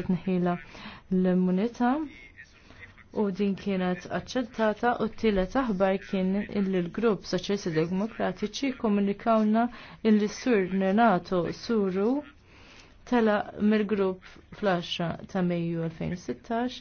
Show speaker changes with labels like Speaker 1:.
Speaker 1: tnħila l-immunità u din kienet aċċettata u t-tielet aħbar kien illi l-grupp Soċjalisti Demokratiċi komunikawna illi sur Renato Suru tela mill-grupp
Speaker 2: fl-10 ta' Mejju 2016